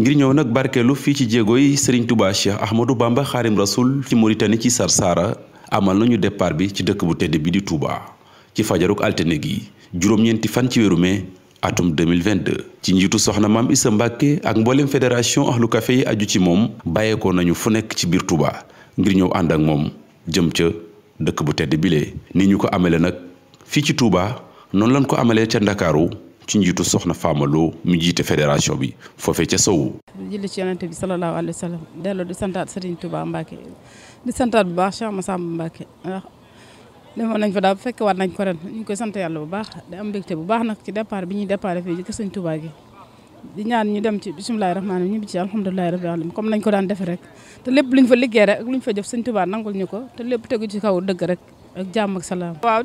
ngir ñëw nag barkeelu fii ci jéego yi Serigne Touba Cheikh Ahmadou Bamba Xaadim Rasul ci Mauritanie ci Sarsara amal nañu départ bi ci dëkk bu tedd bi di Touba ci fajarug altine gi juróom-ñeenti fan ci weeru mai atum 2022 ci njiitu soxna maam Issa Mbàkke ak mboolem fédération ahlu café yi aju ci moom bàyyeekoo nañu fu nekk ci biir Touba ngir ñëw ànd ak moom jëm ca dëkk bu tedd bile ni ñu ko amale nag fii ci Touba noonu lañ ko amalee ca Ndakaaru ci njiitu soxna Fama Lo mu jiite fédération bi foofee ca sowu. di ci yonent bi salallaahu alayhi wa sallam delloo di santaat Serigne Touba Mbacke di santaat bu baax Cheikh Massamba Mbacke ndax demoon nañ fa daal bu fekkee waat nañ ko ren ñu sant yàlla bu baax di am mbégte bu baax nag ci départ bi ñuy départ fii ci ñaan ñu dem ci bisimilahi rahmaani ñu bi ci alhamdulilahi rabbil alamin comme nañ ko daan defe rek te lépp luñ fa liggéey rek ak luñ fa jëf Serigne Touba nangul ñu ko te lépp tegu ci kaw dëgg rek ak jàmm ak salaam. waaw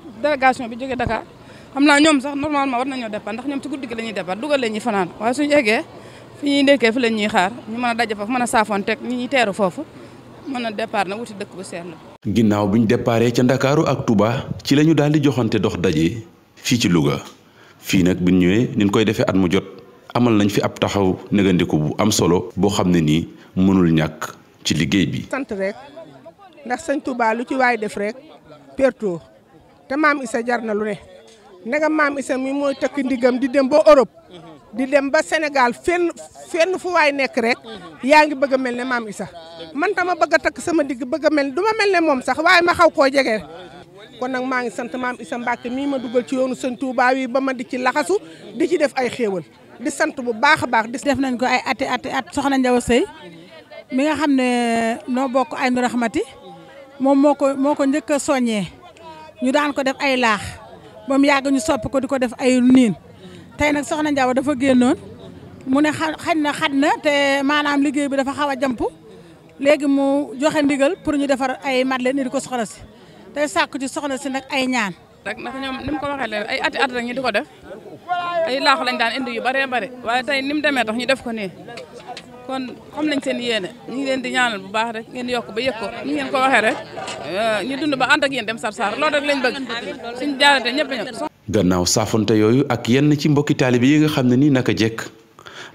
bi jógee Dakar. xam naa ñoom sax normalement war nañoo départ ndax ñoom ci guddi gi la ñuy départ dugal fanaan waaye suñu eggee fi ñuy ndekkee fi la ñuy xaar ñu mën a daje foofu mën a saafoon teg ñi ñuy foofu mën a départ na wuti dëkk bu seetlu ginnaaw bi ñu déparé ca Ndakaaru ak Touba ci la ñu daal di joxante dox daje fii ci Louga fii nag bi ñu ñëwee ni koy defee at mu jot amal nañ fi ab taxaw négandiku bu am solo boo xam ne nii mënul ñàkk ci liggéey bi. sant rek ndax sëñ tubaa lu ci waay def rek perto te maam Issa jar na lu ne. nanga maam isa mi mooy takk ndigam di dem ba Europe di dem ba Sénégal fenn fenn fu waay nekk rek yaa ngi bëgg a mel ne maam isa man ma bëgg a takk sama digg bëgg a mel du ma mel ne moom sax waaye ma xaw koo jege kon nag maa ngi sant maam isa Mbàkke mii ma dugal ci yoonu sëñ baa yi ba ma di ci laxasu di ci def ay xéewal di sant bu baax a baax di def nañ ko ay ati ati at soxna Njaw Sëy mi nga xam ne noo bokk ay nu raxmati moom moo ko moo ko njëkk a soññee ñu daan ko def ay laax ba mu yàgg ñu soppi ko di ko def ay niin tey nag soxna Njaw dafa génnoon mu ne xañ na xat na te maanaam liggéey bi dafa xaw a jamp léegi mu joxe ndigal pour ñu defar ay madeleine ni di ko soxna si tey sàkku ci soxna si nag ay ñaan. rek ndax ñoom ni ko waxee leen ay ati at rek ñu di ko def ay laax lañ daan indi yu bare bare waaye tey ni mu demee tax ñu def ko nii. kon xam nañ seen yéene ñu leen di ñaanal bu baax rek ngeen yokk ba yëg ko ni ngeen ko waxee rek euh, ñu dund ba ànd ak yéen dem Sarsara loolu rek lañ bëgg suñu jaarate ñëpp ñëpp. gannaaw saafonte yooyu ak yenn ci mbokki taalibe yi nga xam ne nii naka jekk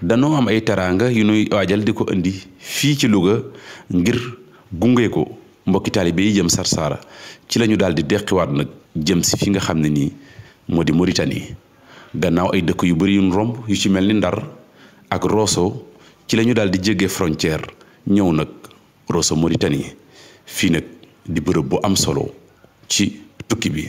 danoo am ay teraanga yu nuy waajal di ko indi fii ci Louga ngir gunge ko mbokki taalibe yi jëm Sarsara ci lañu daal di deqiwaat nag jëm si fi nga xam ne nii moo di Mauritanie gannaaw ay dëkk yu bëri yu romb yu ci mel ni Ndar ak Rosso. ci la ñu daal di jégge frontière ñëw nag Rosso Mauritanie fii nag di bërëb bu am solo ci tukki bi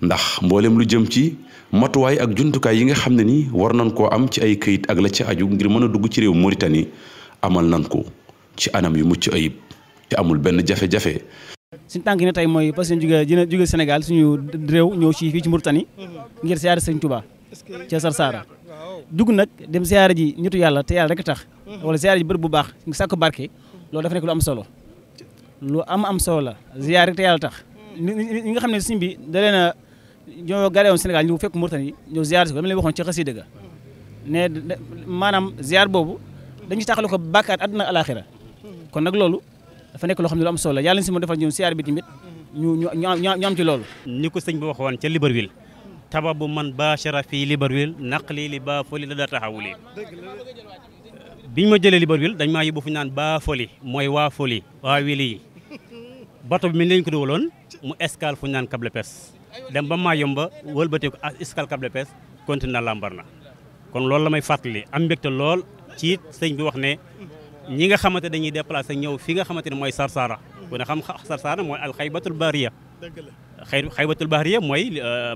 ndax mbooleem lu jëm ci matuwaay ak jumtukaay yi nga xam ne ni war nañ koo am ci ay këyit ak la ci aju ngir mën a dugg ci réew Mauritanie amal nañ ko ci anam yu mucc ayib te amul benn jafe-jafe. suñu tànk ne tey mooy parce que jóge jóge Sénégal suñu réew ñëw ci fii ci Mauritanie mhm. ngir siyaare Sëriñ Tuubaa ca Sarsara dugg nag dem siyaare ji nitu yàlla te yàlla rek tax mhm. wala siyaare ji bërëb bu baax sàkku barke loolu dafa nekk lu am solo lu am am solo la siyaare rek te yàlla tax mhm. ñi nga xam ne sëñ bi da leen a ñoo gare woon Sénégal fekk Mauritanie ñëw ziar si ko dama leen waxoon ci xasida mhm. ne maanaam ziar boobu dañu taxalu ko bàkkaat àdduna alaxira kon nag loolu dafa nekk loo xam ne lu am solo la yàlla si mu defal ñun siyaare bi tamit ñu ñu ñu am ci loolu ni ko sëñ bi waxoon ca Libreville tababu man baachara fii Libreville lii li Bafoli la daa bi ñu ma jëlee Libreville dañ maa yóbbu fu ñu naan Bafoli mooy waa Foli waa wili bato bi mi lañ ko dugaloon mu escale fu ñu naan Cap-Lépès dem ba Mayumba wëlbateeku escale Cap-Lépès continue Lambaréné kon loolu la may fàttali am mbégte lool ci sëñ bi wax ne ñi nga xamante dañuy déplacé ñëw fii nga xamante ne mooy Sarsara ku a xam Sarsara mooy alxaybatul baariya xay xaywatul bahriya mooy euh,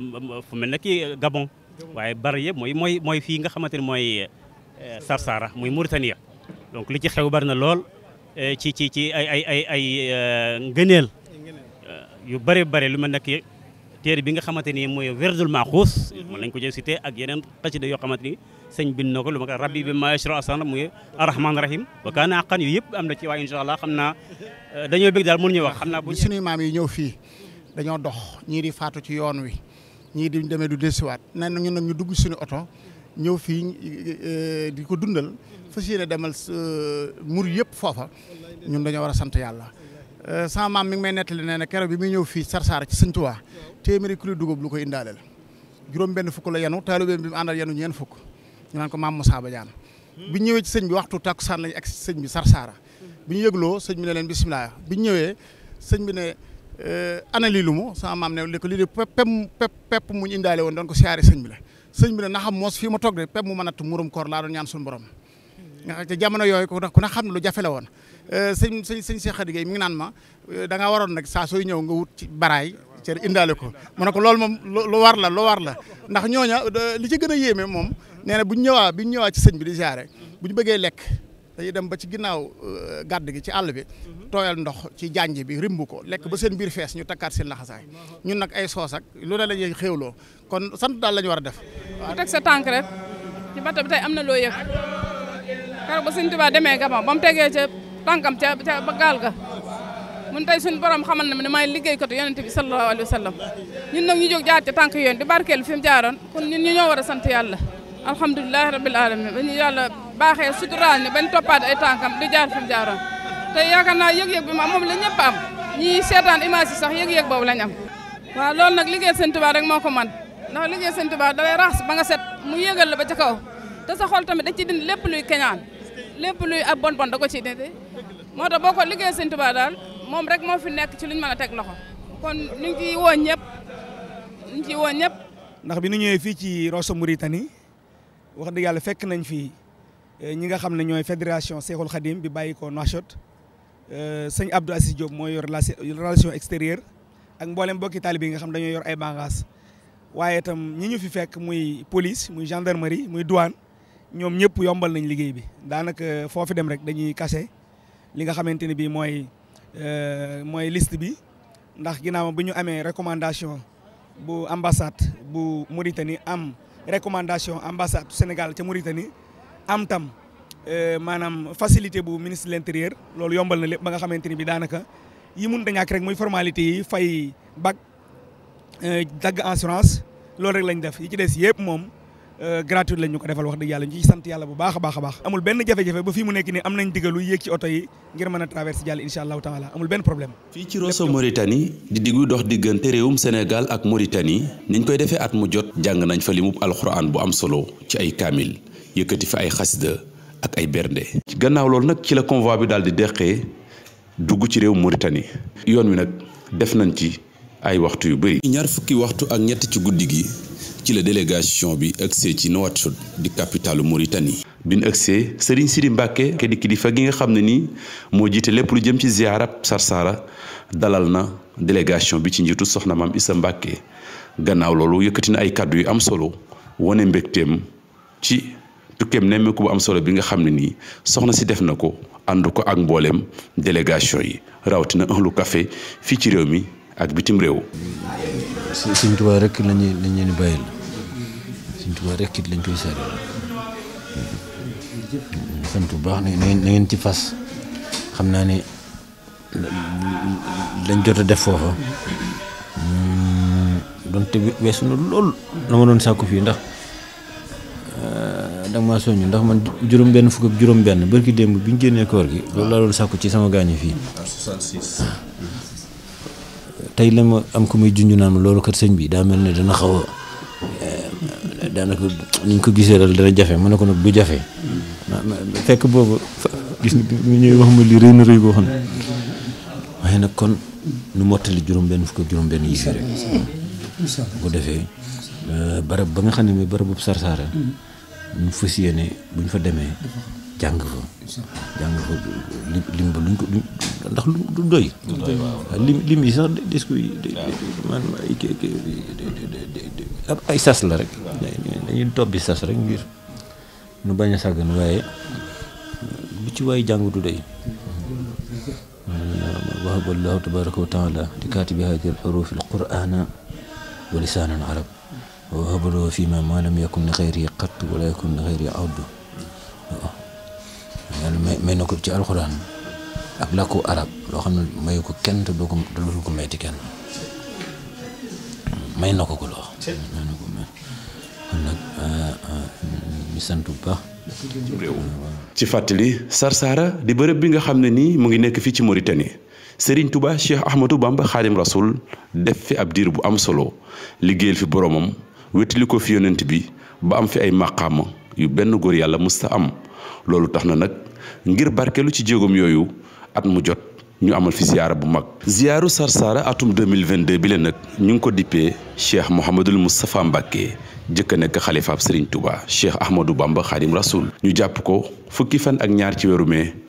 fu mel ne ki Gabon waaye bahriya mooy mooy mooy fii nga xamante ne mooy euh, Sarsara muy Mauritania donc li ci xew bari na lool euh, ci ci ci ay ay ay ay ngëneel yu bëri bëri lu mel ne ki téere bi nga xamante ni mooy werdul maxuus mën nañ ko jël cité ak yeneen xasida yoo xamante ni sëñ bind na ko lu ma ko rabbi bi maasro asan muy arrahman rahim wa kaana aqan yu yëpp am na ci waaye incha allah xam naa dañoo bëgg daal mënuñu wax xam naa bu suñuy maam yi ñëw fii dañoo dox ñii di faatu ci yoon wi ñii di demee du desiwaat na ñun nag ñu dugg suñu oto ñëw fii e, e, di ko dundal fas yéene demal e, mur yëpp foofa ñun dañoo war a sant yàlla. sama maam mi ngi may nettali nee na keroog bi muy ñëw fii Sarsara ci Sëñ Tuubaa téeméeri dugub lu koy indaaleel juróom fukk la yenu taalibe bi mu àndal yenu ñeen fukk ñu naan ko maam ñëwee ci sëñ bi waxtu takkusaan lañu egg sëñ bi Sarsara bi ñu yëgloo sëñ bi ne leen bisimilah bi ñëwee sëñ bi ne. Euh, ana lii lu mu sama maam ne li lii de pep pep pep mu ñu indaale woon doon ko siyaare sëñ bi la sëñ bi la na xam moos fii ma toog de pep mu mën a murum koor laa doon ñaan suñu borom hmm. nga xam te yooyu ku na xam ne lu jafe la woon euh, sëñ sëñ sëñ Cheikh Khady Gueye mi ngi naan ma euh, da ngaa waroon nag saa sooy ñëw nga wut ci baraay cër indaale ko mu ne ko loolu moom lu war la lu war la ndax ñooña li ci gën a yéeme moom nee na bu ñu ñëwaa bi ñu ñëwaa ci sëñ bi di siyaare bu ñu bëggee lekk dañuy dem ba ci ginnaaw euh, gàdd gi ci àll bi mhm. tooyal ndox ci janj bi rimb ko lekk ba seen biir fees ñu takkaat seen laxasaay ñun nag ay soos ak lu ne la ñuy xéewloo kon sant daal la war a def ku sa tànk rek ci bata bi na loo yëg kar ba sëñ Tuubaa demee Gabon ba mu tegee ca tànkam ca ca ba gaal ga mun tey suñu borom xamal na ne maay liggéeykatu yonent bi sallallahu alayhi wa sallam ñun nag ñu jóg jaar ca tànk yoon di barkeel fi mu jaaroon kon ñu ñoo war a sant yàlla alhamdulilahi rabil alamin baaxee suturaal ne bañ toppaat ay tànkam di jaar fi mu jaaroon te yaakaar naa yëg-yëg bi ma moom la ñëpp am seetaan image sax yëg-yëg boobu lañ am waaw loolu nag liggéey sëñ Tuubaa rek moo ko man ndax liggéey sëñ Tuubaa dalay raxas ba nga set mu yëgal la ba ca kaw te sa tamit da ci dindi lépp luy keñaan lépp luy ab bon da ko ci dindi moo tax boo ko liggéey sëñ daal moom rek moo fi nekk ci luñ mën a teg loxo kon ñu ngi woo ñëpp ñu ngi woo ñëpp ndax bi nu ñëwee fii ci Rosso Mauritanie wax dëgg yàlla fekk nañ fii Eh, ñi nga xam ne ñooy fédération Seexul Xadim bi bàyyi ko Nouakchott eh, sëñ Abdou Assis Diop mooy yor relation extérieure ak mboolem mbokki taalibe yi nga xam dañoo yor ay bànqaas waaye itam ñi ñu fi fekk muy police muy gendarmerie muy douane ñoom ñëpp yombal nañ liggéey bi daanaka eh, foofu dem rek dañuy kase li nga xamante ne bii mooy mooy liste bi ndax ginnaaw bu ñu amee recommandation bu ambassade bu Mauritanie am recommandation ambassade Sénégal ca Mauritanie. am tam euh, maanaam facilité bu ministre de l'intérieur loolu yombal na lépp ba nga xamante ni bi daanaka yi mun da ñàkk rek muy formalité yi fay bac euh, dagg assurance loolu rek lañ def yi ci des yëpp moom euh, gratuite lañ ñu ko defal wax dëgg yàlla ñu ci sant yàlla bu baax a baax a baax amul benn jafe-jafe ba fii mu nekk ni am nañ digalu yéeg ci oto yi ngir mën a traversé jàll incha allahu taala amul benn problème fii ci Rosso Mauritanie di diggu dox diggante réewum Sénégal ak Mauritanie niñ koy defee at mu jot jàng nañ fa limub alxuraan bu am solo ci ay kaamil yëkkati fi ay xasida ak ay bernde. gannaaw loolu nag ci la convoi bi daal di deqee dugg ci réew Mauritanie. yoon wi nag def nañ ci ay waxtu yu bëri. ñaar fukki waxtu ak ñett ci guddi gi ci la délégation bi agsee ci Nouakchott di capitalu Mauritanie. bin agsee Serigne Sidi Mbacke di kilifa gi nga xam ne nii moo jiite lépp lu jëm ci ziarab Sarsara dalal na délégation bi ci njiitu soxna maam Issa Mbacke gannaaw loolu yëkkati na ay kàddu yu am solo wane mbégteem ci. tukkeem nemmeeku bu am solo bi nga xam ne nii soxna si def na ko ànd ko ak mbooleem délégation yi rawatina Euhlou kafe fii ci réew mi ak bitim réew. Sëñ Tuubaa rek la ñuy la ñuy bàyyil Sëñ rek it lañ koy seet bu baax na ngeen ci fas xam naa ne lañ jot a def foofa hmm, donte weesu na lool la ma doon sàkku fii ndax. da nga ndax man juróom-benn fukk ak juróom-benn barki démb bi ñu génnee koor gi. loolu laa doon sàkku ci sama gaañu fii. 66. tey la ma am ku may junj naan loolu kat sëñ bi daa mel na dana xaw a eh, daanaka ni ko gisee daal dana jafe ma ne nag du jafe. fekk boobu gis nga wax ma li rëy boo xam ne nag kon nu mottali juróom-benn fukk ak juróom-benn yi fii rek. bu defee eh, barab ba nga xam ne mooy barab bu Sarsara. Mm. ñu fas yéene bu fa demee jàng fa jàng fa lim ba luñ ko ndax lu du doy lim yi sax des ko man ay sas la rek dañuy tobbi sas rek ngir nu bañ a sàggan waaye lu ci waay jàng du doy wahaba allahu tabaraka wa taala li kaatibi haadi alxurufi alqurana wa lisaanan arab wa abadoo fii ma maa lam yakun li xayri xat wala yakun li xayri awdu yàlla may may na ko ci alxuraan ak làkku arab loo xam ne mayu ko kenn te doo ko dootul ko kenn may na ko ko loo may ah, ah, ci fàttali Sarsara di bërëb bi nga xam ne nii mu ngi nekk fii ci Mauritanie sëriñ tubaa Cheikh Ahmadou Bamba Xaadim Rasoul def fi ab diir bu am solo liggéeyal fi boromam wétali ko fi yonent bi ba am fi ay màqaama yu benn góor yàlla musta am loolu tax na nag ngir barkeelu ci jéegoom yooyu at mu jot ñu amal fi ziyaara bu mag ziyaaru Sarsara atum 2022 bi la nag ñu ngi ko dippee cheikh Mouhamadul Moustapha Mbacke jëkk a nekk xalifaab Serigne Touba cheikh Ahmadou Bamba Khadim Rasoul ñu jàpp ko fukki fan ak ñaar ci weeru mee